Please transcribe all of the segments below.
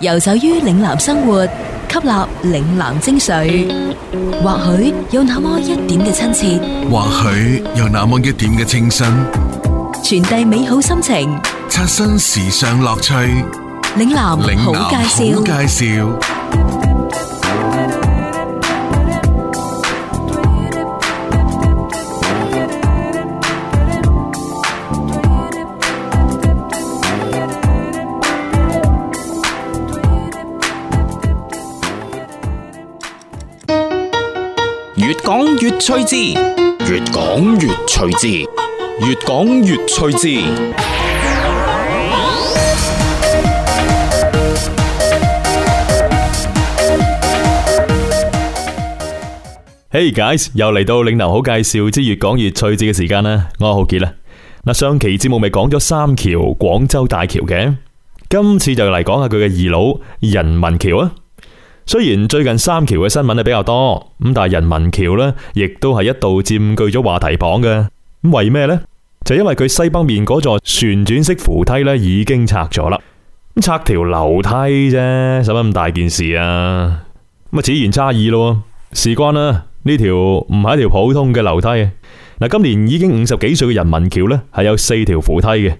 遊走於嶺南生活，吸納嶺南精髓，或許有那麼一點嘅親切，或許有那麼一點嘅清新，傳遞美好心情，刷新時尚樂趣。嶺南好介紹，好介紹。越趣致，越講越趣致，越講越趣致。Hey guys，又嚟到嶺南好介紹之越講越趣致嘅時間啦，我係浩杰啦。嗱，上期節目咪講咗三橋，廣州大橋嘅，今次就嚟講下佢嘅二佬人民橋啊。雖然最近三橋嘅新聞係比較多，咁但係人民橋呢亦都係一度佔據咗話題榜嘅。咁為咩呢？就因為佢西北面嗰座旋轉式扶梯咧已經拆咗啦。咁拆條樓梯啫，使乜咁大件事啊？咁啊，此言差矣咯。事關啦，呢條唔係一條普通嘅樓梯啊。嗱，今年已經五十幾歲嘅人民橋呢係有四條扶梯嘅。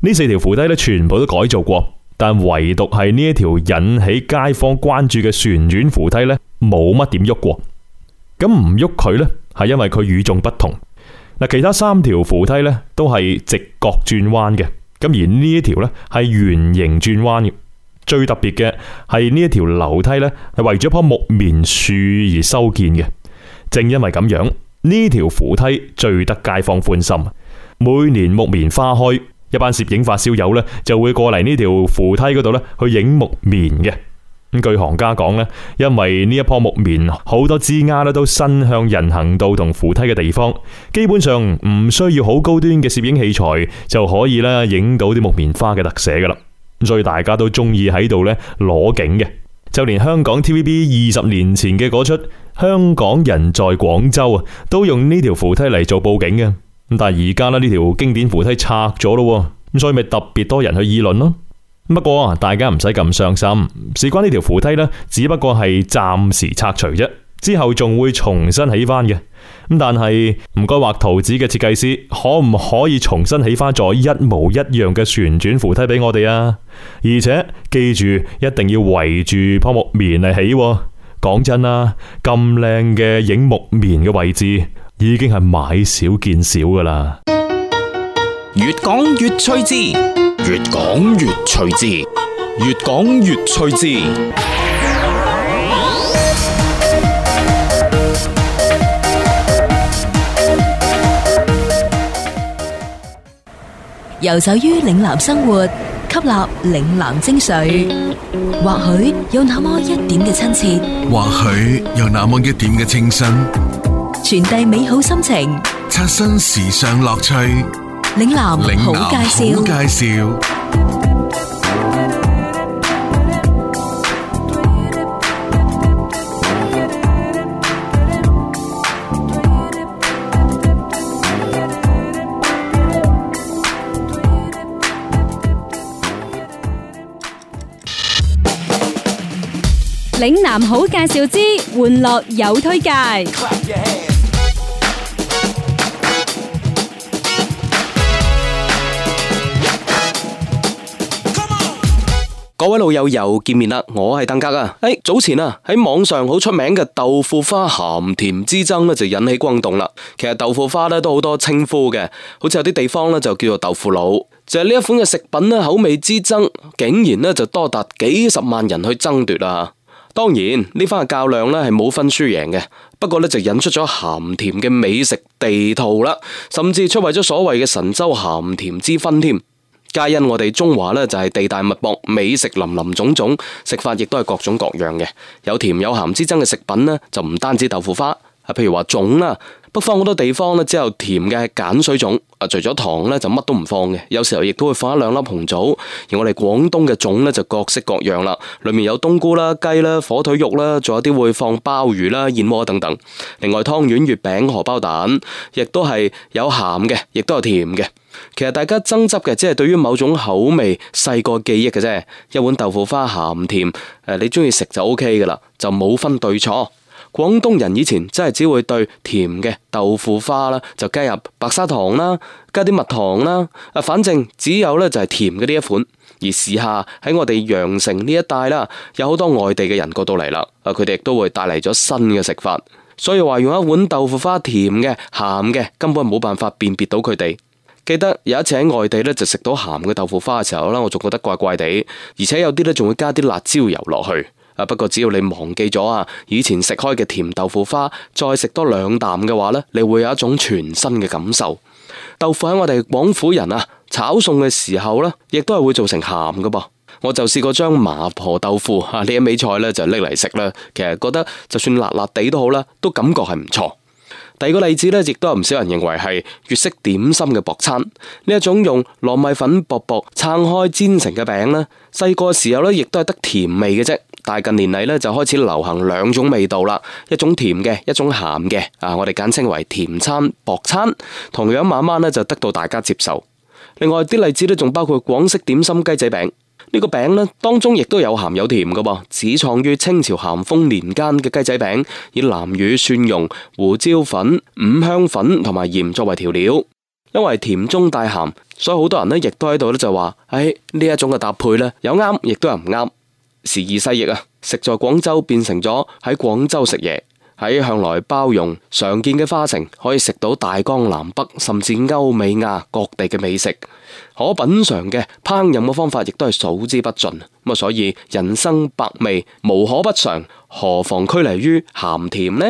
呢四條扶梯呢，全部都改造過。但唯獨係呢一條引起街坊關注嘅旋轉扶梯咧，冇乜點喐過。咁唔喐佢咧，係因為佢與眾不同。嗱，其他三條扶梯咧都係直角轉彎嘅，咁而呢一條咧係圓形轉彎嘅。最特別嘅係呢一條樓梯咧係為咗棵木棉樹而修建嘅。正因為咁樣，呢條扶梯最得街坊歡心。每年木棉花開。一班攝影發燒友咧就會過嚟呢條扶梯嗰度咧去影木棉嘅。咁據行家講咧，因為呢一棵木棉好多枝丫咧都伸向人行道同扶梯嘅地方，基本上唔需要好高端嘅攝影器材就可以咧影到啲木棉花嘅特寫噶啦。所以大家都中意喺度咧攞景嘅，就連香港 TVB 二十年前嘅嗰出《香港人在廣州》啊，都用呢條扶梯嚟做佈景嘅。但係而家呢條經典扶梯拆咗咯，咁所以咪特別多人去議論咯。不過大家唔使咁傷心，事關呢條扶梯呢，只不過係暫時拆除啫，之後仲會重新起翻嘅。咁但係唔該畫圖紙嘅設計師，可唔可以重新起翻座一模一樣嘅旋轉扶梯俾我哋啊？而且記住，一定要圍住棵木棉嚟起。講真啊，咁靚嘅影木棉嘅位置。已經係買少見少噶啦，越講越趣致，越講越趣致，越講越趣致。遊走於嶺南生活，吸納嶺南精髓，或許有那麼一點嘅親切，或許有那麼一點嘅清新，傳遞美好心情，刷新時尚樂趣。嶺南好介紹，嶺南好介紹。嶺南好介紹之玩樂有推介。各位老友又見面啦，我係鄧家啊！誒，早前啊喺網上好出名嘅豆腐花咸甜之爭咧就引起轟動啦。其實豆腐花咧都好多稱呼嘅，好似有啲地方咧就叫做豆腐腦。就係呢一款嘅食品咧，口味之爭竟然咧就多達幾十萬人去爭奪啦！當然呢番較量咧係冇分輸贏嘅，不過咧就引出咗咸甜嘅美食地圖啦，甚至出位咗所謂嘅神州咸甜之分添。皆因我哋中華呢就係地大物博，美食林林總總，食法亦都係各種各樣嘅，有甜有鹹之爭嘅食品呢，就唔單止豆腐花，啊譬如話粽啦，北方好多地方呢，只有甜嘅鹼水粽。除咗糖咧，就乜都唔放嘅。有時候亦都會放一兩粒紅棗。而我哋廣東嘅粽咧就各式各樣啦，裡面有冬菇啦、雞啦、火腿肉啦，仲有啲會放鮑魚啦、燕窩等等。另外，湯圓、月餅、荷包蛋亦都係有鹹嘅，亦都有甜嘅。其實大家爭執嘅只係對於某種口味細個記憶嘅啫。一碗豆腐花鹹甜，誒你中意食就 O K 嘅啦，就冇分對錯。廣東人以前真係只會對甜嘅豆腐花啦，就加入白砂糖啦，加啲蜜糖啦，啊，反正只有咧就係甜嘅呢一款。而時下喺我哋羊城呢一帶啦，有好多外地嘅人過到嚟啦，啊，佢哋亦都會帶嚟咗新嘅食法，所以話用一碗豆腐花甜嘅、鹹嘅，根本冇辦法辨別到佢哋。記得有一次喺外地咧就食到鹹嘅豆腐花嘅時候啦，我仲覺得怪怪地，而且有啲咧仲會加啲辣椒油落去。啊！不過只要你忘記咗啊，以前食開嘅甜豆腐花，再食多兩啖嘅話呢，你會有一種全新嘅感受。豆腐喺我哋廣府人啊炒餸嘅時候呢，亦都係會做成鹹㗎噃。我就試過將麻婆豆腐啊呢一味菜呢就拎嚟食啦，其實覺得就算辣辣地都好啦，都感覺係唔錯。第二個例子呢，亦都有唔少人認為係粵式點心嘅薄餐呢一種用糯米粉薄薄撐開煎成嘅餅呢，細個嘅時候呢，亦都係得甜味嘅啫。但近年嚟咧就開始流行兩種味道啦，一種甜嘅，一種鹹嘅，啊，我哋簡稱為甜餐、薄餐，同樣慢慢咧就得到大家接受。另外啲例子咧，仲包括廣式點心雞仔餅，呢個餅咧當中亦都有鹹有甜噶噃，始創於清朝咸豐年間嘅雞仔餅，以南乳、蒜蓉、胡椒粉、五香粉同埋鹽作為調料。因為甜中帶鹹，所以好多人咧亦都喺度咧就話，誒呢一種嘅搭配咧有啱，亦都有唔啱。時移世易啊，食在廣州變成咗喺廣州食嘢。喺向來包容常見嘅花城，可以食到大江南北甚至歐美亞各地嘅美食，可品嘗嘅烹飪嘅方法亦都係數之不盡。咁啊，所以人生百味無可不嘗，何妨拘泥於咸甜呢？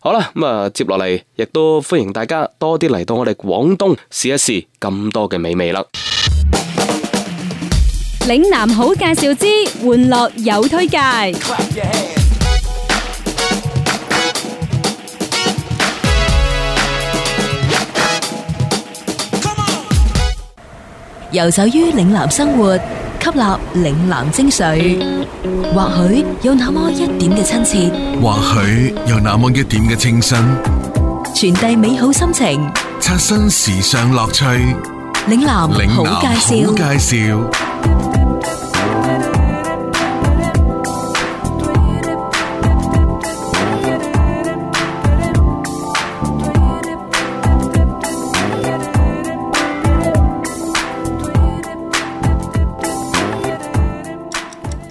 好啦，咁啊，接落嚟亦都歡迎大家多啲嚟到我哋廣東試一試咁多嘅美味啦。嶺南好介紹之，玩樂有推介。遊走於嶺南生活，吸納嶺南精髓，或許有那麼一點嘅親切，或許有那麼一點嘅清新，傳遞美好心情，刷新時尚樂趣。嶺南好介紹。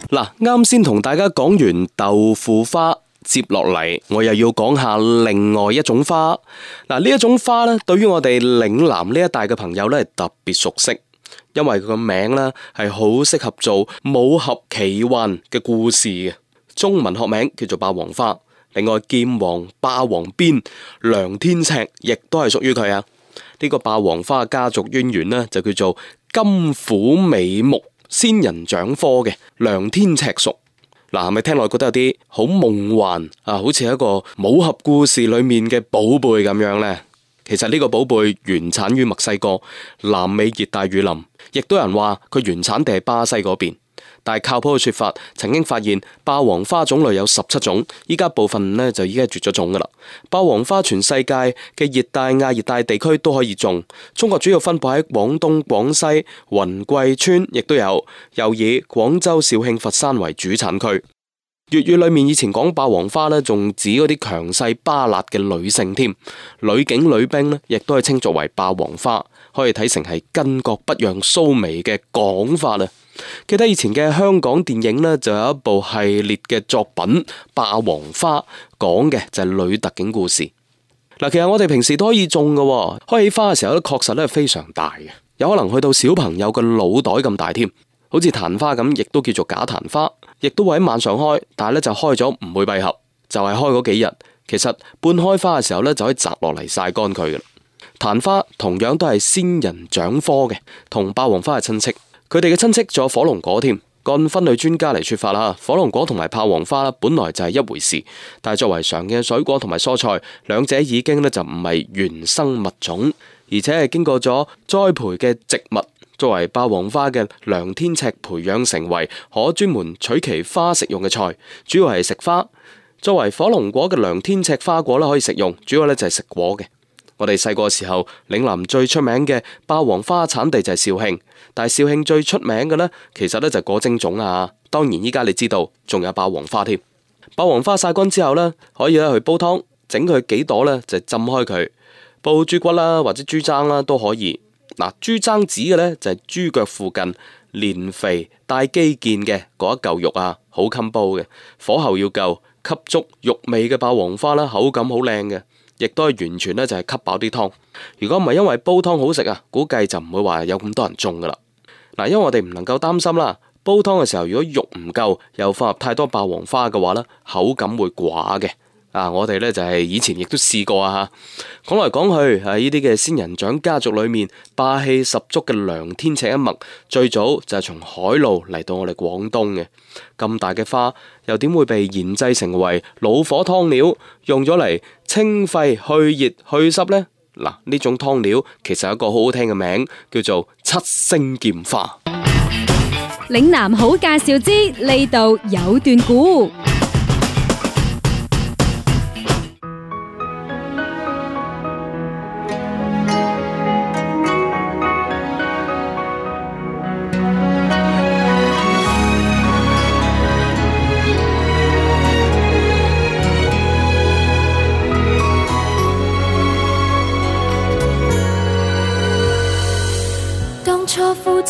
嗱，啱先同大家講完豆腐花，接落嚟我又要講下另外一種花。嗱，呢一種花咧，對於我哋嶺南呢一帶嘅朋友咧，係特別熟悉，因為佢個名咧係好適合做武俠奇幻嘅故事嘅。中文學名叫做霸王花，另外劍王、霸王鞭、梁天尺，亦都係屬於佢啊。呢個霸王花家族淵源咧，就叫做金虎尾目。仙人掌科嘅量天尺屬，係咪聽落覺得有啲好夢幻啊？好似一個武俠故事裏面嘅寶貝咁樣咧。其實呢個寶貝原產於墨西哥南美熱帶雨林，亦都有人話佢原產地係巴西嗰邊。但係靠譜嘅說法，曾經發現霸王花種類有十七種，依家部分呢就已經係絕咗種噶啦。霸王花全世界嘅熱帶亞熱帶地區都可以種，中國主要分布喺廣東、廣西、雲貴川，亦都有，又以廣州、肇慶、佛山為主產區。粵語裏面以前講霸王花呢，仲指嗰啲強勢巴辣嘅女性添，女警、女兵呢，亦都係稱作為霸王花，可以睇成係巾幗不讓須眉嘅講法啊。記得以前嘅香港電影呢，就有一部系列嘅作品《霸王花》，講嘅就係女特警故事。嗱，其實我哋平時都可以種噶，開起花嘅時候咧，確實咧非常大嘅，有可能去到小朋友嘅腦袋咁大添。好似曇花咁，亦都叫做假曇花，亦都會喺晚上開，但係咧就開咗唔會閉合，就係開嗰幾日。其實半開花嘅時候咧，就可以摘落嚟曬乾佢噶。曇花同樣都係仙人掌科嘅，同霸王花係親戚。佢哋嘅親戚仲有火龍果添，按分類專家嚟説法啦，火龍果同埋霸王花啦，本來就係一回事。但係作為常見嘅水果同埋蔬菜，兩者已經咧就唔係原生物種，而且係經過咗栽培嘅植物。作為霸王花嘅量天尺培養成為可專門取其花食用嘅菜，主要係食花。作為火龍果嘅量天尺花果咧可以食用，主要咧就係食果嘅。我哋細個時候，嶺南最出名嘅霸王花產地就係肇慶，但係肇慶最出名嘅呢，其實呢就係裹蒸粽啊。當然依家你知道，仲有霸王花添。霸王花曬乾之後呢，可以去煲湯，整佢幾朵呢，就浸開佢，煲豬骨啦或者豬踭啦都可以。嗱、啊，豬踭指嘅呢，就係、是、豬腳附近連肥帶肌腱嘅嗰一嚿肉啊，好襟煲嘅，火候要夠，吸足肉味嘅霸王花啦，口感好靚嘅。亦都係完全咧，就係吸飽啲湯。如果唔係因為煲湯好食啊，估計就唔會話有咁多人種噶啦。嗱，因為我哋唔能夠擔心啦，煲湯嘅時候如果肉唔夠，又放入太多霸王花嘅話咧，口感會寡嘅。啊！我哋咧就係、是、以前亦都試過說來說啊吓，講嚟講去喺呢啲嘅仙人掌家族裏面，霸氣十足嘅涼天尺一脈，最早就係從海路嚟到我哋廣東嘅。咁大嘅花，又點會被研製成為老火湯料，用咗嚟清肺去熱去濕呢？嗱、啊，呢種湯料其實有一個好好聽嘅名，叫做七星劍花。嶺南好介紹之，呢度有段古。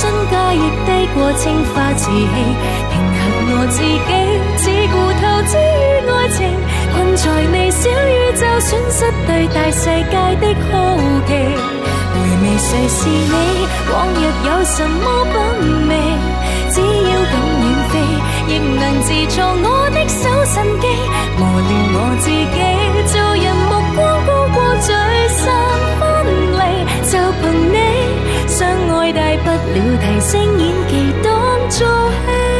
身價亦低過青花瓷器，平衡我自己，只顧投資於愛情，困在微小宇宙，損失對大世界的好奇。回味誰是你，往日有什麼品味？只要敢遠飛，亦能自創我的搜神記，磨練我自己，做人目光高過嘴。大不了提升演技當做戲。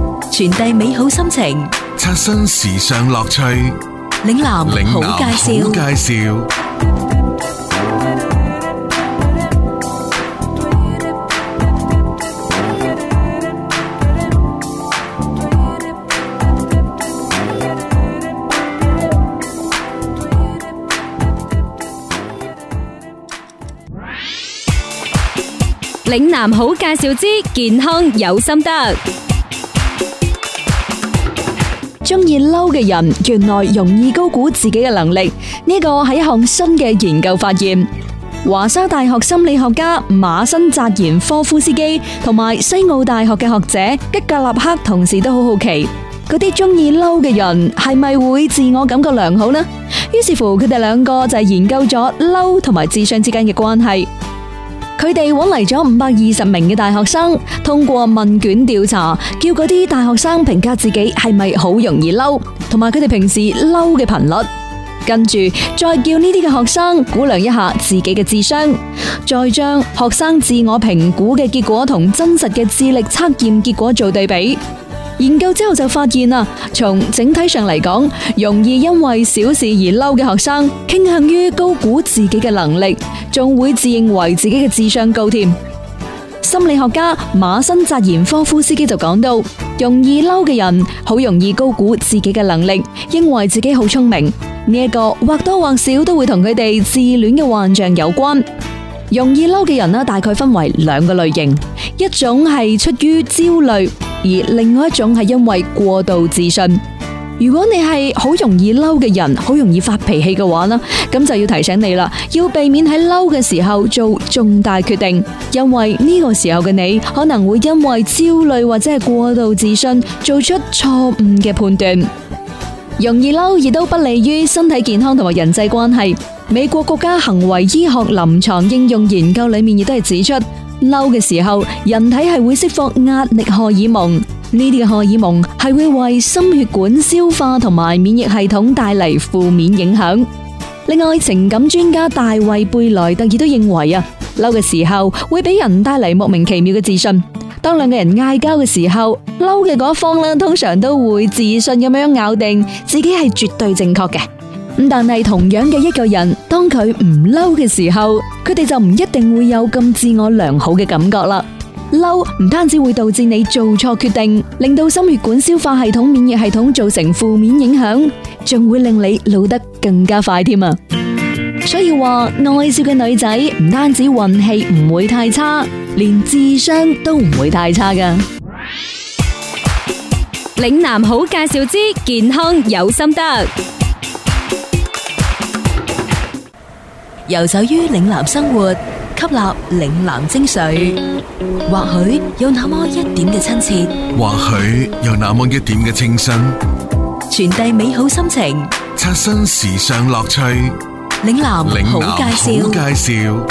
傳遞美好心情，刷新時尚樂趣。嶺南好介紹，嶺南好介紹。嶺南好介紹之健康有心得。中意嬲嘅人，原來容易高估自己嘅能力。呢個係一項新嘅研究發現。華沙大學心理學家馬辛扎言科夫斯基同埋西澳大學嘅學者吉格納克，同時都好好奇，嗰啲中意嬲嘅人係咪會自我感覺良好呢？於是乎，佢哋兩個就係研究咗嬲同埋智商之間嘅關係。佢哋揾嚟咗五百二十名嘅大學生，通過問卷調查，叫嗰啲大學生評價自己係咪好容易嬲，同埋佢哋平時嬲嘅頻率。跟住再叫呢啲嘅學生估量一下自己嘅智商，再將學生自我評估嘅結果同真實嘅智力測驗結果做對比。研究之後就發現啊，從整體上嚟講，容易因為小事而嬲嘅學生，傾向於高估自己嘅能力，仲會自認為自己嘅智商高添。心理學家馬新扎言科夫斯基就講到，容易嬲嘅人好容易高估自己嘅能力，因為自己好聰明，呢一個或多或少都會同佢哋自戀嘅幻象有關。容易嬲嘅人呢，大概分為兩個類型，一種係出於焦慮。而另外一種係因為過度自信。如果你係好容易嬲嘅人，好容易發脾氣嘅話呢，咁就要提醒你啦，要避免喺嬲嘅時候做重大決定，因為呢個時候嘅你可能會因為焦慮或者係過度自信，做出錯誤嘅判斷。容易嬲亦都不利於身體健康同埋人際關係。美國國家行為醫學臨牀應用研究裏面亦都係指出。嬲嘅時候，人體係會釋放壓力荷爾蒙，呢啲荷爾蒙係會為心血管、消化同埋免疫系統帶嚟負面影響。另外，情感專家大衛貝萊特爾都認為啊，嬲嘅時候會俾人帶嚟莫名其妙嘅自信。當兩個人嗌交嘅時候，嬲嘅嗰方咧通常都會自信咁樣咬定自己係絕對正確嘅。咁但係同樣嘅一個人，當佢唔嬲嘅時候，佢哋就唔一定會有咁自我良好嘅感覺啦。嬲唔單止會導致你做錯決定，令到心血管、消化系統、免疫系統造成負面影響，仲會令你老得更加快添啊！所以話愛笑嘅女仔，唔單止運氣唔會太差，連智商都唔會太差噶。嶺南好介紹之健康有心得。遊走於嶺南生活，吸納嶺南精髓，或許有那麼一點嘅親切，或許有那麼一點嘅清新，傳遞美好心情，刷新時尚樂趣。嶺南好介紹。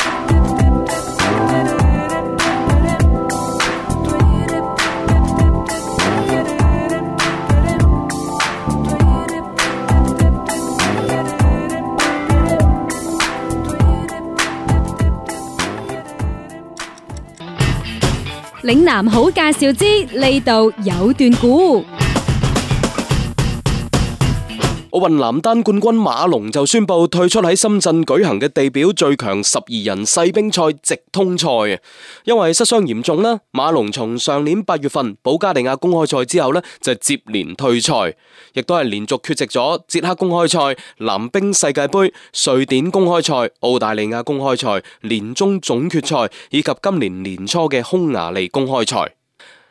嶺南好介紹之，呢度有段古。奧運男單冠軍馬龍就宣布退出喺深圳舉行嘅地表最強十二人世乒賽直通賽，因為膝傷嚴重啦。馬龍從上年八月份保加利亞公開賽之後咧，就接連退賽，亦都係連續缺席咗捷克公開賽、男乒世界杯、瑞典公開賽、澳大利亞公開賽、年終總決賽以及今年年初嘅匈牙利公開賽。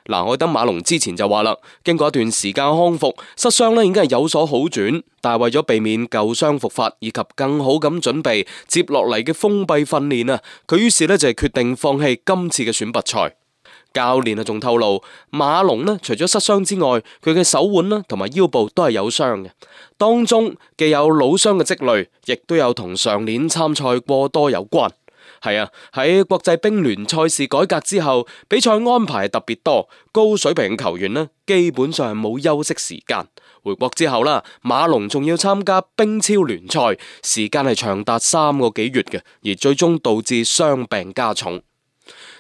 拿我等馬龍之前就話啦，經過一段時間康復，膝傷咧已經係有所好轉，但係為咗避免舊傷復發以及更好咁準備接落嚟嘅封閉訓練啊，佢於是咧就係決定放棄今次嘅選拔賽。教練啊仲透露，馬龍呢除咗膝傷之外，佢嘅手腕啦同埋腰部都係有傷嘅，當中既有老傷嘅積累，亦都有同上年參賽過多有關。係啊，喺國際乒聯賽事改革之後，比賽安排特別多，高水平球員呢，基本上冇休息時間。回國之後啦，馬龍仲要參加乒超聯賽，時間係長達三個幾月嘅，而最終導致傷病加重。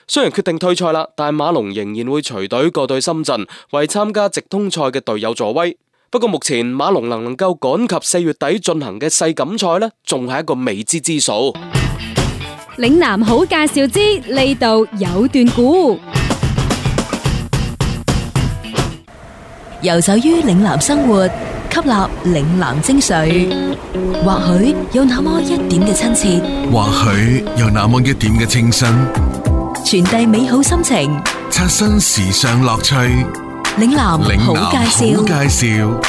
雖然決定退賽啦，但係馬龍仍然會隨隊過對深圳，為參加直通賽嘅隊友助威。不過目前馬龍能唔能夠趕及四月底進行嘅世錦賽呢，仲係一個未知之數。嶺南好介紹之，呢度有段古。遊走於嶺南生活，吸納嶺南精髓，或許有那麼一點嘅親切，或許有那麼一點嘅清新，傳遞美好心情，刷新時尚樂趣。嶺南好介紹。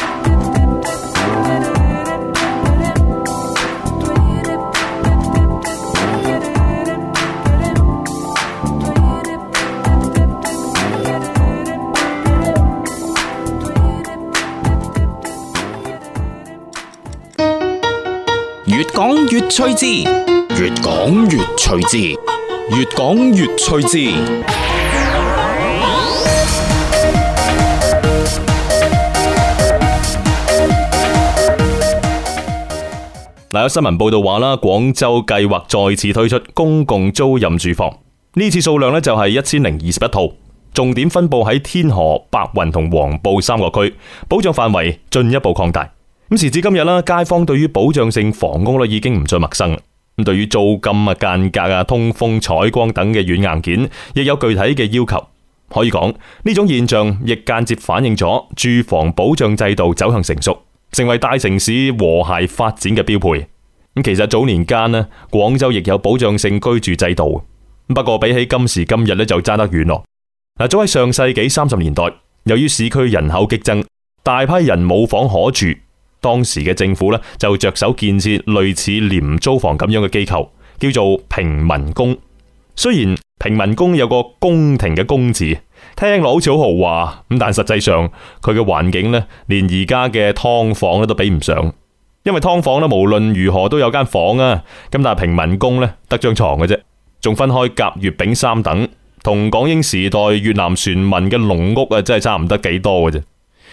講越趣致，越講越趣致，越講越趣致。嗱， 有新聞報道話啦，廣州計劃再次推出公共租賃住房，呢次數量咧就係一千零二十一套，重點分佈喺天河、白雲同黃埔三個區，保障範圍進一步擴大。咁時至今日啦，街坊對於保障性房屋咧已經唔再陌生啦。咁對於租金啊、間隔啊、通風採光等嘅軟硬件，亦有具體嘅要求。可以講呢種現象亦間接反映咗住房保障制度走向成熟，成為大城市和諧發展嘅標配。咁其實早年間咧，廣州亦有保障性居住制度，不過比起今時今日咧就差得遠咯。嗱，早喺上世紀三十年代，由於市區人口激增，大批人冇房可住。當時嘅政府咧就着手建設類似廉租房咁樣嘅機構，叫做平民工。雖然平民工有個宮廷嘅宮字，聽落好似好豪華咁，但實際上佢嘅環境咧，連而家嘅劏房咧都比唔上，因為劏房咧無論如何都有間房啊。咁但係平民工咧得張床嘅啫，仲分開甲、乙、丙三等，同港英時代越南船民嘅籠屋啊，真係差唔得幾多嘅啫。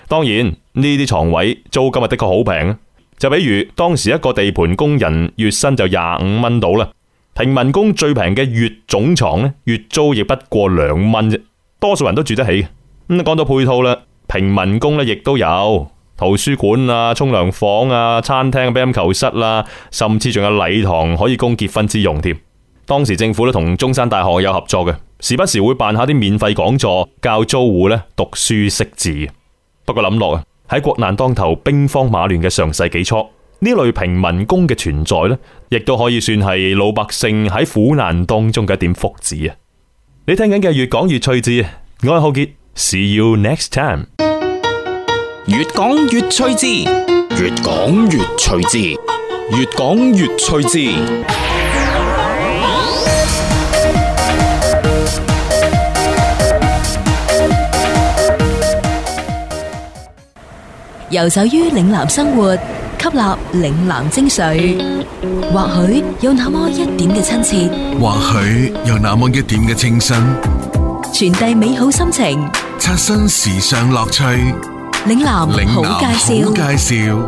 當然呢啲床位租金啊，的確好平啊。就比如當時一個地盤工人月薪就廿五蚊度啦。平民工最平嘅月總床咧，月租亦不過兩蚊啫。多數人都住得起。咁、嗯、講到配套啦，平民工咧亦都有圖書館啊、沖涼房啊、餐廳、啊、乒乓球室啦、啊，甚至仲有禮堂可以供結婚之用添。當時政府咧同中山大學有合作嘅，時不時會辦下啲免費講座，教租戶咧讀書識字。不過諗落啊，喺國難當頭、兵荒馬亂嘅上世紀初，呢類平民工嘅存在呢亦都可以算係老百姓喺苦難當中嘅一點福祉啊！你聽緊嘅越講越趣致啊！我係浩杰，See you next time 越越。越講越趣致，越講越趣致，越講越趣致。遊走於嶺南生活，吸納嶺南精髓，或許有那麼一點嘅親切，或許有那麼一點嘅清新，傳遞美好心情，刷新時尚樂趣。嶺南好介紹。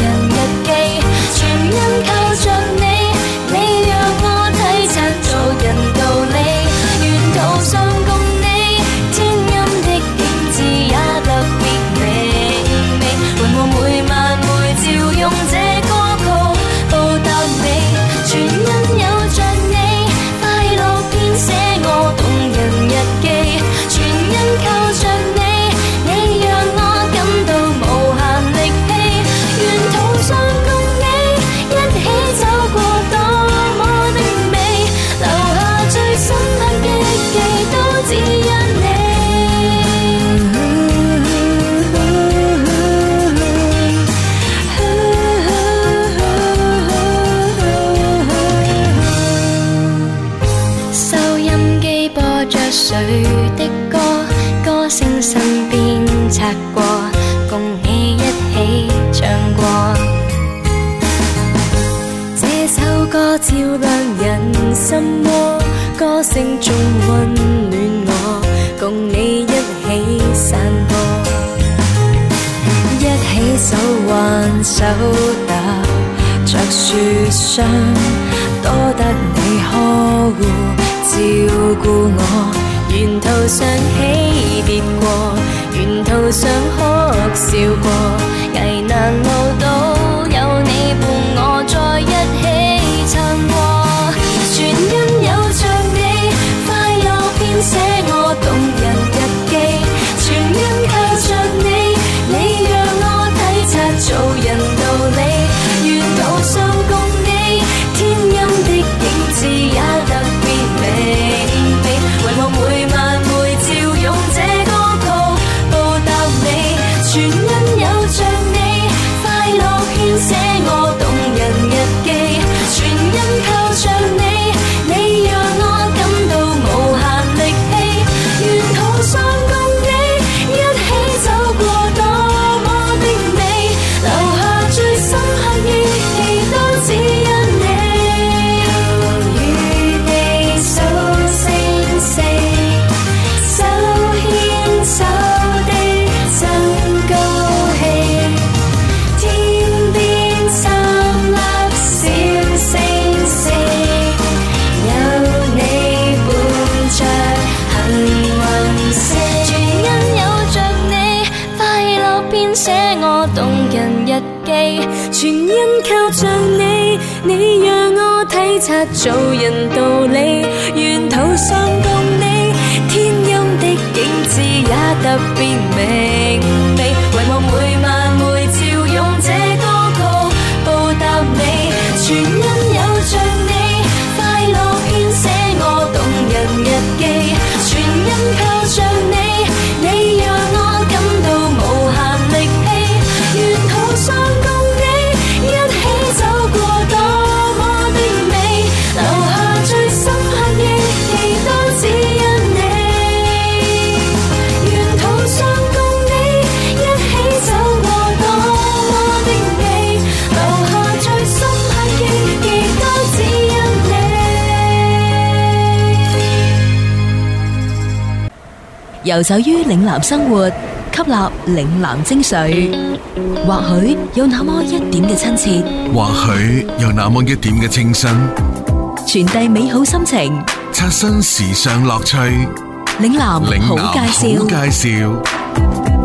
想哭笑過。測做人道理，沿途上共你，天陰的景致也特別美。遊走於嶺南生活，吸納嶺南精髓，或許有那麼一點嘅親切，或許有那麼一點嘅清新，傳遞美好心情，刷新時尚樂趣。嶺南好介紹，嶺南好介紹。